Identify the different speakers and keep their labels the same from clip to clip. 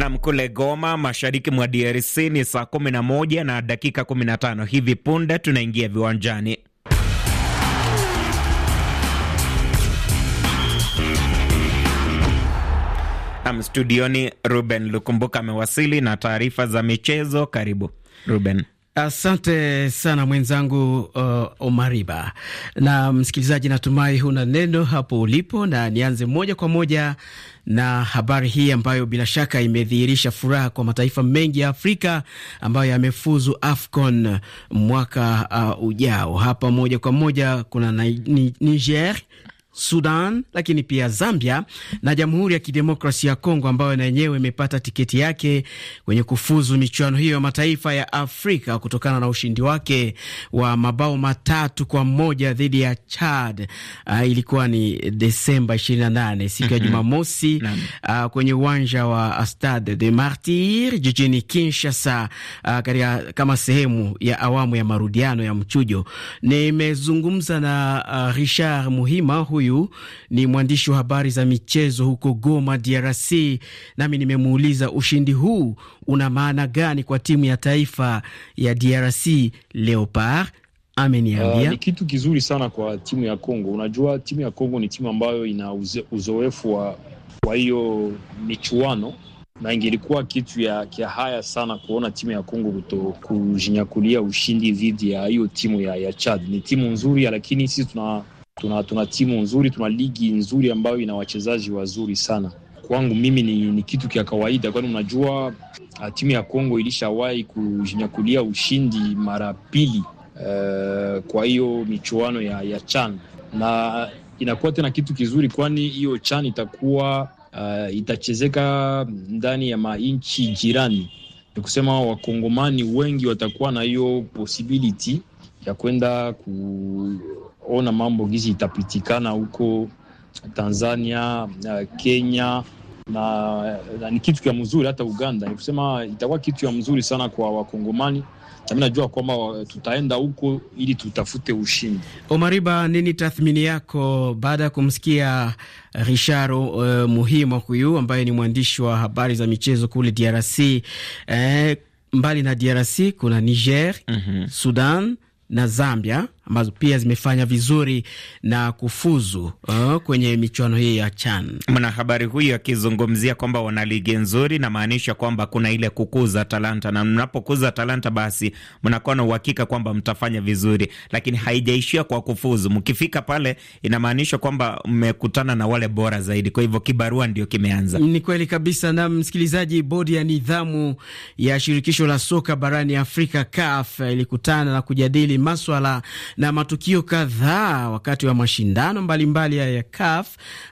Speaker 1: Nam, kule Goma, mashariki mwa DRC ni saa 11 na dakika 15. Hivi punde tunaingia viwanjani. Nam, studioni Ruben Lukumbuka amewasili na taarifa za michezo. Karibu Ruben.
Speaker 2: Asante sana mwenzangu uh, Omariba. Na msikilizaji, natumai huna neno hapo ulipo, na nianze moja kwa moja na habari hii ambayo bila shaka imedhihirisha furaha kwa mataifa mengi ya Afrika ambayo yamefuzu AFCON mwaka uh, ujao. Hapa moja kwa moja kuna Niger Sudan, lakini pia Zambia na Jamhuri ya Kidemokrasia ya Kongo ambayo na yenyewe imepata tiketi yake kwenye kufuzu michuano hiyo ya mataifa ya Afrika kutokana na ushindi wake wa mabao matatu kwa moja dhidi ya Chad. Uh, ilikuwa ni Desemba 28 siku ya mhm. Jumamosi uh, kwenye uwanja wa Stade de Martir jijini Kinshasa uh, katika kama sehemu ya awamu ya marudiano ya mchujo. Nimezungumza na uh, Richard Muhima huyu huyu ni mwandishi wa habari za michezo huko Goma, DRC, nami nimemuuliza ushindi huu una maana gani kwa timu ya taifa ya DRC Leopard. Ameniambia uh, ni
Speaker 3: kitu kizuri sana kwa timu ya congo Unajua, timu ya Kongo ni timu ambayo ina uzoefu wa kwa hiyo michuano na ingelikuwa kitu ya kia haya sana kuona timu ya Kongo kuto kujinyakulia ushindi dhidi ya hiyo timu ya, ya Chad. Ni timu nzuri, lakini sisi tuna tuna, tuna timu nzuri, tuna ligi nzuri ambayo ina wachezaji wazuri sana. Kwangu mimi ni, ni kitu kya kawaida, kwani unajua ah, timu ya Kongo ilishawahi kunyakulia ushindi mara pili uh, kwa hiyo michuano ya, ya CHAN na inakuwa tena kitu kizuri, kwani hiyo CHAN itakuwa uh, itachezeka ndani ya manchi jirani. Ni kusema wakongomani wengi watakuwa na hiyo possibility ya kwenda ku ona mambo gizi itapitikana huko Tanzania, Kenya na, na ni kitu kya mzuri hata Uganda. Ni kusema itakuwa kitu ya mzuri sana kwa Wakongomani, nami najua kwamba uh, tutaenda huko ili tutafute ushindi.
Speaker 2: Omariba, nini tathmini yako baada ya kumsikia Richard uh, Muhima huyu ambaye ni mwandishi wa habari za michezo kule DRC? Eh, mbali na DRC kuna Niger, mm -hmm. Sudan na Zambia ambazo pia zimefanya vizuri na kufuzu uh, kwenye michuano hii ya CHAN.
Speaker 1: Mwanahabari huyu akizungumzia kwamba wana ligi nzuri, namaanisha kwamba kuna ile kukuza talanta, na mnapokuza talanta, basi mnakuwa na uhakika kwamba mtafanya vizuri, lakini haijaishia kwa kufuzu. Mkifika pale, inamaanisha kwamba mmekutana na wale bora zaidi, kwa hivyo kibarua ndio kimeanza. Ni kweli kabisa.
Speaker 2: Na msikilizaji, bodi
Speaker 1: ya nidhamu ya shirikisho la soka barani Afrika
Speaker 2: CAF ilikutana na kujadili maswala na matukio kadhaa wakati wa mashindano mbalimbali ya CAF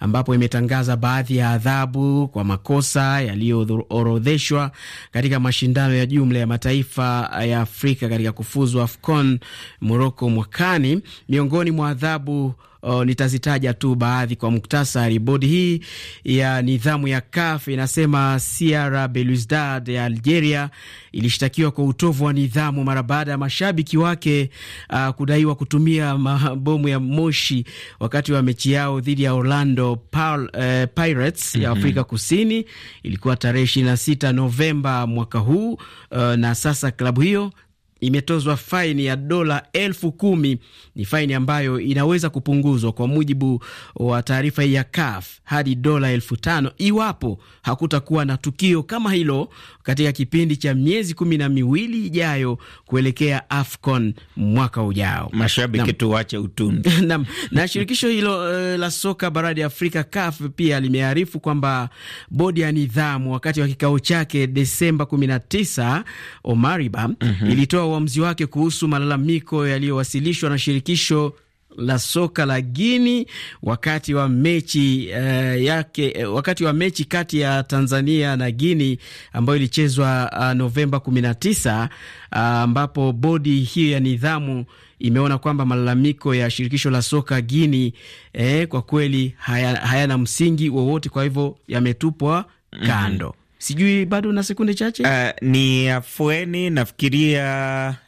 Speaker 2: ambapo imetangaza baadhi ya adhabu kwa makosa yaliyoorodheshwa katika mashindano ya jumla ya mataifa ya Afrika katika kufuzu AFCON Morocco mwakani. Miongoni mwa adhabu O, oh, nitazitaja tu baadhi kwa muktasari. Bodi hii ya nidhamu ya CAF inasema Sierra Belouizdad ya Algeria ilishtakiwa kwa utovu wa nidhamu mara baada ya mashabiki wake uh, kudaiwa kutumia mabomu ya moshi wakati wa mechi yao dhidi ya Orlando Pal, uh, Pirates mm -hmm. ya mhm. Afrika Kusini. Ilikuwa tarehe 26 Novemba mwaka huu uh, na sasa klabu hiyo imetozwa faini ya dola elfu kumi. Ni faini ambayo inaweza kupunguzwa kwa mujibu wa taarifa hii ya CAF hadi dola elfu tano iwapo hakutakuwa na tukio kama hilo katika kipindi cha miezi kumi na miwili ijayo kuelekea AFCON mwaka ujao.
Speaker 1: Mashabiki tuwache
Speaker 2: utundu. na shirikisho hilo eh, la soka barani Afrika CAF pia limearifu kwamba bodi ya nidhamu wakati wa kikao chake Desemba 19 Omariba mhm. ilitoa kutoa uamuzi wake kuhusu malalamiko yaliyowasilishwa na shirikisho la soka la Guini wakati wa mechi uh, yake eh, wakati wa mechi kati ya Tanzania na Guini ambayo ilichezwa uh, Novemba 19 ah, ambapo bodi hiyo ya nidhamu imeona kwamba malalamiko ya shirikisho la soka Guini eh, kwa kweli hayana haya msingi wowote, kwa hivyo yametupwa mhm. kando
Speaker 1: sijui bado na sekunde chache. Uh, ni afueni nafikiria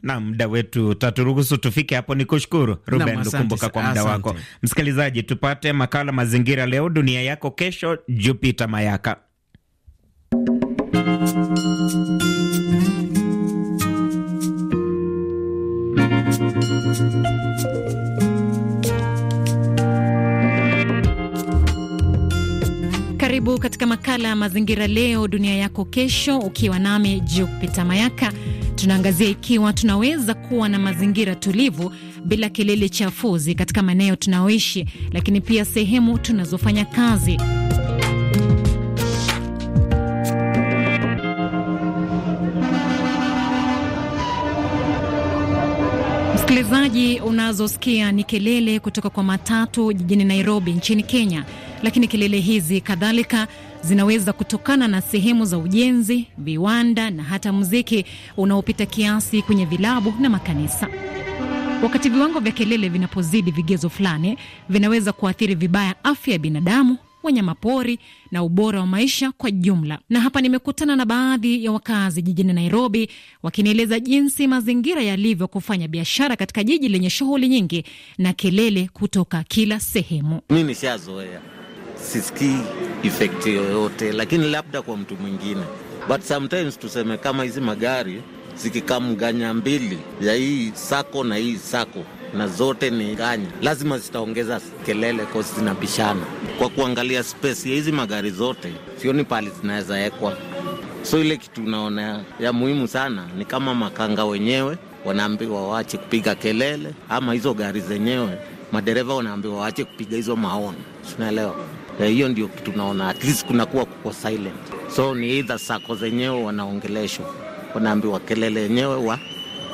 Speaker 1: na muda wetu taturuhusu tufike hapo. Ni kushukuru Ruben Lukumbuka kwa muda wako. Msikilizaji, tupate makala mazingira leo dunia yako kesho, Jupiter Mayaka.
Speaker 4: Karibu katika makala ya mazingira, leo dunia yako kesho, ukiwa nami Jupita Mayaka. Tunaangazia ikiwa tunaweza kuwa na mazingira tulivu bila kelele chafuzi katika maeneo tunayoishi, lakini pia sehemu tunazofanya kazi. Msikilizaji, unazosikia ni kelele kutoka kwa matatu jijini Nairobi nchini Kenya, lakini kelele hizi kadhalika zinaweza kutokana na sehemu za ujenzi, viwanda na hata muziki unaopita kiasi kwenye vilabu na makanisa. Wakati viwango vya kelele vinapozidi vigezo fulani, vinaweza kuathiri vibaya afya ya binadamu wanyamapori na ubora wa maisha kwa jumla. Na hapa nimekutana na baadhi ya wakazi jijini Nairobi wakinieleza jinsi mazingira yalivyo kufanya biashara katika jiji lenye shughuli nyingi na kelele kutoka kila sehemu.
Speaker 5: Mi nishazoea, sisikii efekti yoyote, lakini labda kwa mtu mwingine, but sometimes tuseme kama hizi magari zikikamganya mbili ya hii sako na hii sako na zote ni ganya, lazima zitaongeza kelele kosi zinabishana. Kwa kuangalia spesi ya hizi magari zote, sioni pahali zinaweza wekwa. So ile kitu naona ya muhimu sana ni kama makanga wenyewe wanaambiwa waache kupiga kelele, ama hizo gari zenyewe madereva wanaambiwa waache kupiga hizo maoni, sinaelewa eh, hiyo. ndio kitu naona at least kunakuwa kuko silent. So ni either sako zenyewe wanaongeleshwa, wanaambiwa kelele yenyewe wa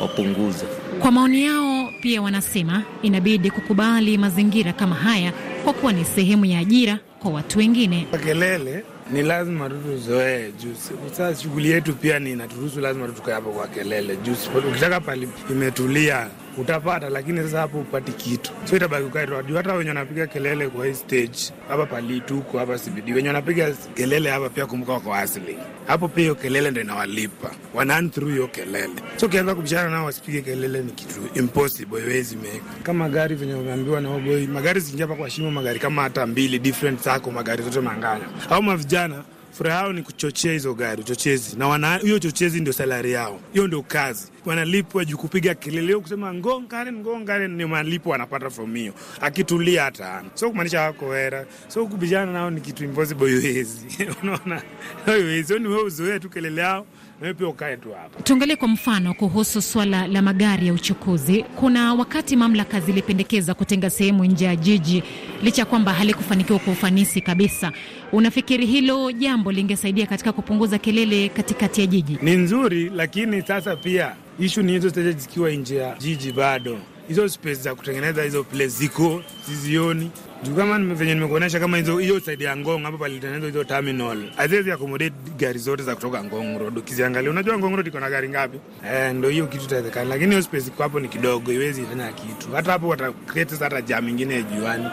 Speaker 6: wapunguze.
Speaker 4: Kwa maoni yao pia wanasema inabidi kukubali mazingira kama haya kwa kuwa ni sehemu ya ajira kwa watu wengine.
Speaker 6: Kelele ni lazima tutuzoee juu sasa shughuli yetu pia ni inaturuhusu, lazima tutukae hapo kwa kelele juu ukitaka pali imetulia utapata, lakini sasa hapo upati kitu, so itabaki ukaitwa juu. Hata wenye wanapiga kelele kwa hii stage hapa Palitu huko hapa CBD, wenye wanapiga kelele hapa pia kumbuka wako asli hapo, pia hiyo kelele ndo inawalipa wanan through hiyo kelele. So ukianza kubishana nao wasipige kelele ni kitu impossible, iwezi meka kama gari venye umeambiwa na oboi, magari zingia pa kwa shimo, magari kama hata mbili different sako, magari zote manganya au mavijana Furaha yao ni kuchochea hizo gari uchochezi, na hiyo uchochezi ndio salari yao, hiyo ndio kazi wanalipwa juu kupiga keleleo kusema ngongare ngongare, ni malipo wanapata from hiyo. Akitulia hata so kumaanisha wako hera, so kubijana nao ni kitu impossible, yuwezi unaona, yuwezi ni yaani wewe uzoea tu kelele yao wewe pia ukae tu hapa.
Speaker 4: Tuangalie kwa mfano kuhusu swala la magari ya uchukuzi. Kuna wakati mamlaka zilipendekeza kutenga sehemu nje ya jiji, licha ya kwamba halikufanikiwa kwa ufanisi kabisa. Unafikiri hilo jambo lingesaidia katika kupunguza kelele katikati ya jiji? Ni
Speaker 6: nzuri, lakini sasa pia ishu ni hizo zikiwa nje ya jiji bado hizo space za kutengeneza hizo place ziko sizioni juu kama venye nimekuonyesha, kama hizo hiyo saidi ya Ngong hapa palitengenezwa hizo terminal haziwezi accommodate gari zote za kutoka Ngong Road. Ukiziangalia unajua Ngong Road iko na gari ngapi? Eh, ndio hiyo kitu itawezekana, lakini hiyo space iko hapo ni kidogo, iwezi fanya kitu. Hata hapo wata create hata jam ingine ya juani.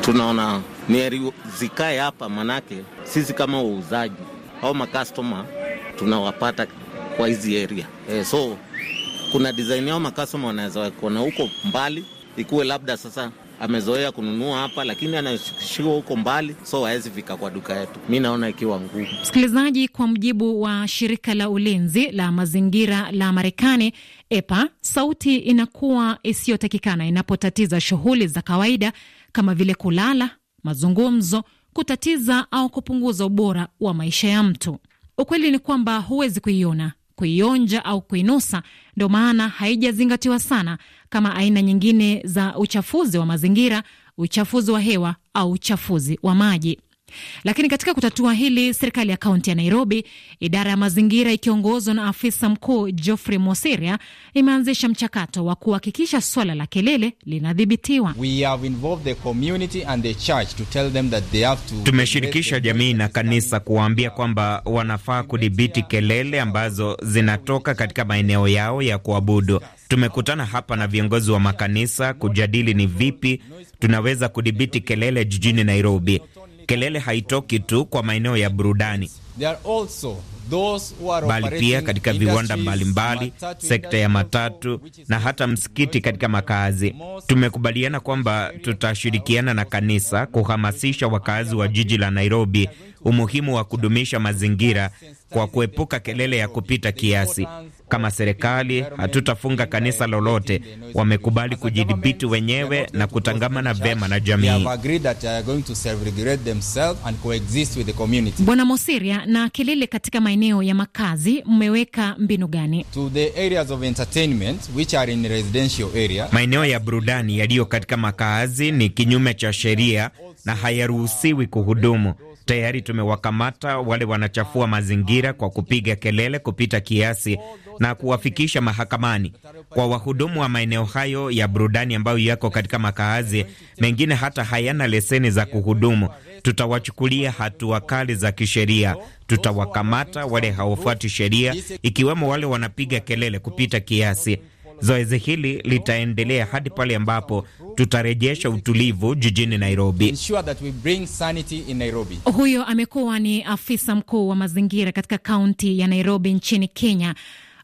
Speaker 5: Tunaona ni zikae hapa, manake sisi kama wauzaji au makastoma tunawapata kwa hizi area eh, so kuna design yao makasoma wanaweza kuona huko mbali, ikuwe labda sasa amezoea kununua hapa lakini anashikishiwa huko mbali, so hawezi fika kwa duka yetu. Mi naona ikiwa ngumu.
Speaker 4: Msikilizaji, kwa mjibu wa shirika la ulinzi la mazingira la Marekani EPA, sauti inakuwa isiyotakikana inapotatiza shughuli za kawaida kama vile kulala, mazungumzo, kutatiza au kupunguza ubora wa maisha ya mtu. Ukweli ni kwamba huwezi kuiona kuionja au kuinusa, ndo maana haijazingatiwa sana kama aina nyingine za uchafuzi wa mazingira, uchafuzi wa hewa au uchafuzi wa maji. Lakini katika kutatua hili, serikali ya kaunti ya Nairobi, idara ya mazingira ikiongozwa na afisa mkuu Geoffrey Mosiria, imeanzisha mchakato wa kuhakikisha swala la kelele linadhibitiwa.
Speaker 1: Tumeshirikisha jamii na kanisa kuwaambia kwamba wanafaa kudhibiti kelele ambazo zinatoka katika maeneo yao ya kuabudu. Tumekutana hapa na viongozi wa makanisa kujadili ni vipi tunaweza kudhibiti kelele jijini Nairobi kelele haitoki tu kwa maeneo ya burudani
Speaker 2: bali pia katika viwanda mbalimbali, sekta ya
Speaker 1: matatu na hata msikiti katika makazi. Tumekubaliana kwamba tutashirikiana na kanisa kuhamasisha wakazi wa jiji la Nairobi umuhimu wa kudumisha mazingira kwa kuepuka kelele ya kupita kiasi. Kama serikali hatutafunga kanisa lolote. Wamekubali kujidhibiti wenyewe na kutangamana vema na jamii. Bwana
Speaker 4: Mosiria, na kelele katika maeneo ya makazi, mmeweka mbinu gani?
Speaker 1: Maeneo ya burudani yaliyo katika makazi ni kinyume cha sheria na hayaruhusiwi kuhudumu. Tayari tumewakamata wale wanachafua mazingira kwa kupiga kelele kupita kiasi na kuwafikisha mahakamani. Kwa wahudumu wa maeneo hayo ya burudani ambayo yako katika makaazi mengine, hata hayana leseni za kuhudumu, tutawachukulia hatua kali za kisheria. Tutawakamata wale hawafuati sheria, ikiwemo wale wanapiga kelele kupita kiasi Zoezi hili litaendelea hadi pale ambapo tutarejesha utulivu jijini Nairobi.
Speaker 4: Huyo amekuwa ni afisa mkuu wa mazingira katika kaunti ya Nairobi nchini Kenya.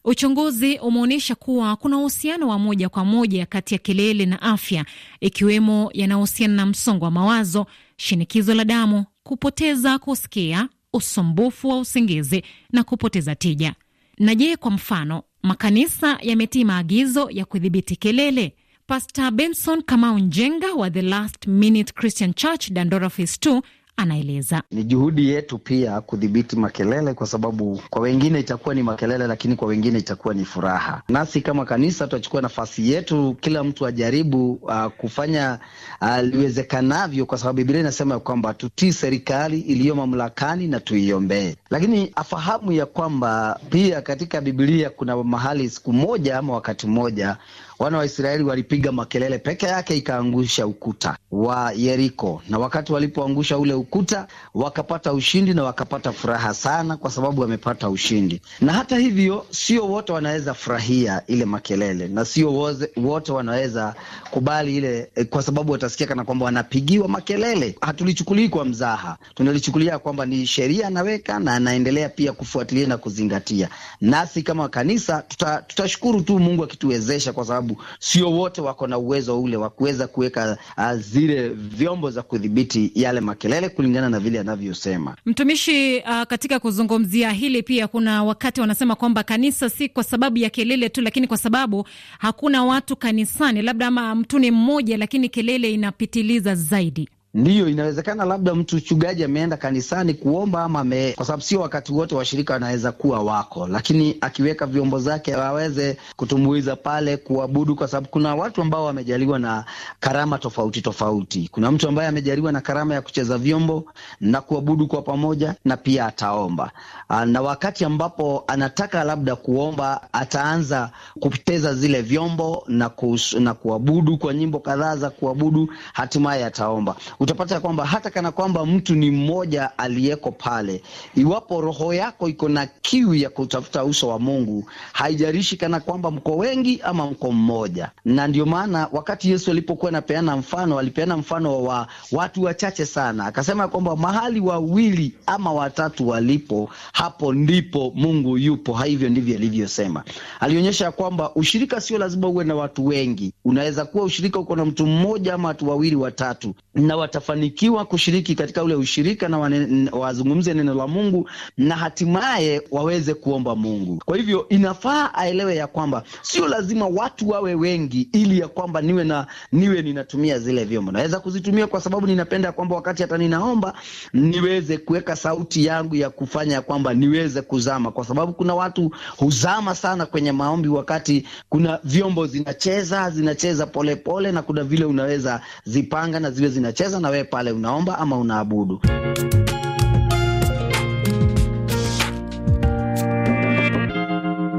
Speaker 4: Uchunguzi umeonyesha kuwa kuna uhusiano wa moja kwa moja kati ya kelele na afya, ikiwemo yanayohusiana na msongo wa mawazo, shinikizo la damu, kupoteza kusikia, usumbufu wa usingizi na kupoteza tija. Na je, kwa mfano Makanisa yametii maagizo ya kudhibiti kelele. Pastor Benson Kamau Njenga wa The Last Minute Christian Church Dandora Phase 2 anaeleza.
Speaker 7: Ni juhudi yetu pia kudhibiti makelele, kwa sababu kwa wengine itakuwa ni makelele, lakini kwa wengine itakuwa ni furaha. Nasi kama kanisa tutachukua nafasi yetu, kila mtu ajaribu uh, kufanya uh, liwezekanavyo, kwa sababu Biblia inasema ya kwamba tutii serikali iliyo mamlakani na tuiombee, lakini afahamu ya kwamba pia katika Biblia kuna mahali siku moja ama wakati mmoja Wana wa Israeli walipiga makelele peke yake, ikaangusha ukuta wa Yeriko, na wakati walipoangusha ule ukuta wakapata ushindi na wakapata furaha sana, kwa sababu wamepata ushindi. Na hata hivyo, sio wote wanaweza furahia ile makelele, na sio wote wanaweza kubali ile, eh, kwa sababu watasikia kana kwamba wanapigiwa makelele. Hatulichukulii kwa mzaha, tunalichukulia kwamba ni sheria anaweka na anaendelea pia kufuatilia na kuzingatia. Nasi kama kanisa tutashukuru tuta tu Mungu akituwezesha kwa sababu sababu sio wote wako na uwezo ule wa kuweza kuweka ah, zile vyombo za kudhibiti yale makelele kulingana na vile anavyosema
Speaker 4: mtumishi. Uh, katika kuzungumzia hili pia kuna wakati wanasema kwamba kanisa si kwa sababu ya kelele tu, lakini kwa sababu hakuna watu kanisani, labda ama mtu ni mmoja, lakini kelele inapitiliza zaidi.
Speaker 7: Ndiyo, inawezekana labda mtu mchungaji ameenda kanisani kuomba ama me, kwa sababu sio wakati wote washirika wanaweza kuwa wako, lakini akiweka vyombo zake aweze kutumbuiza pale kuabudu, kwa sababu kuna watu ambao wamejaliwa na karama tofauti tofauti. Kuna mtu ambaye amejaliwa na karama ya kucheza vyombo na kuabudu kwa pamoja, na pia ataomba, ah, na wakati ambapo anataka labda kuomba ataanza kucheza zile vyombo na, kus, na kuabudu kwa nyimbo kadhaa za kuabudu, hatimaye ataomba utapata ya kwamba hata kana kwamba mtu ni mmoja aliyeko pale, iwapo roho yako iko na kiu ya kutafuta uso wa Mungu, haijarishi kana kwamba mko wengi ama mko mmoja. Na ndio maana wakati Yesu alipokuwa anapeana mfano, alipeana mfano wa watu wachache sana, akasema ya kwamba mahali wawili ama watatu walipo, hapo ndipo Mungu yupo. Hivyo ndivyo alivyosema. Alionyesha kwamba ushirika sio lazima uwe na watu wengi, unaweza kuwa ushirika uko na mtu mmoja ama watu wawili watatu na watafanikiwa kushiriki katika ule ushirika na wane, wazungumze neno la Mungu na hatimaye waweze kuomba Mungu. Kwa hivyo inafaa aelewe ya kwamba sio lazima watu wawe wengi ili ya kwamba niwe na niwe ninatumia zile vyombo. Naweza kuzitumia kwa sababu ninapenda kwamba wakati hata ninaomba niweze kuweka sauti yangu ya kufanya kwamba niweze kuzama, kwa sababu kuna watu huzama sana kwenye maombi wakati kuna vyombo zinacheza zinacheza polepole pole, na kuna vile unaweza zipanga na ziwe zinacheza unaongeza na wewe pale unaomba ama unaabudu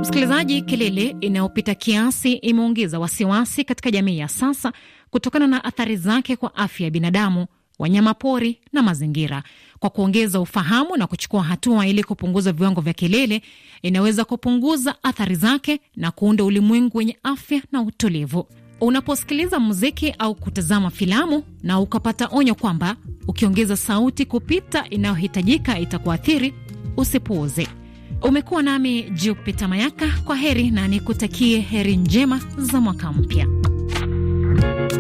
Speaker 4: Msikilizaji, kelele inayopita kiasi imeongeza wasiwasi katika jamii ya sasa kutokana na athari zake kwa afya ya binadamu, wanyama pori na mazingira. Kwa kuongeza ufahamu na kuchukua hatua ili kupunguza viwango vya kelele, inaweza kupunguza athari zake na kuunda ulimwengu wenye afya na utulivu. Unaposikiliza muziki au kutazama filamu na ukapata onyo kwamba ukiongeza sauti kupita inayohitajika itakuathiri, usipuuze. Umekuwa nami Jupita Mayaka, kwa heri na nikutakie heri njema za mwaka mpya.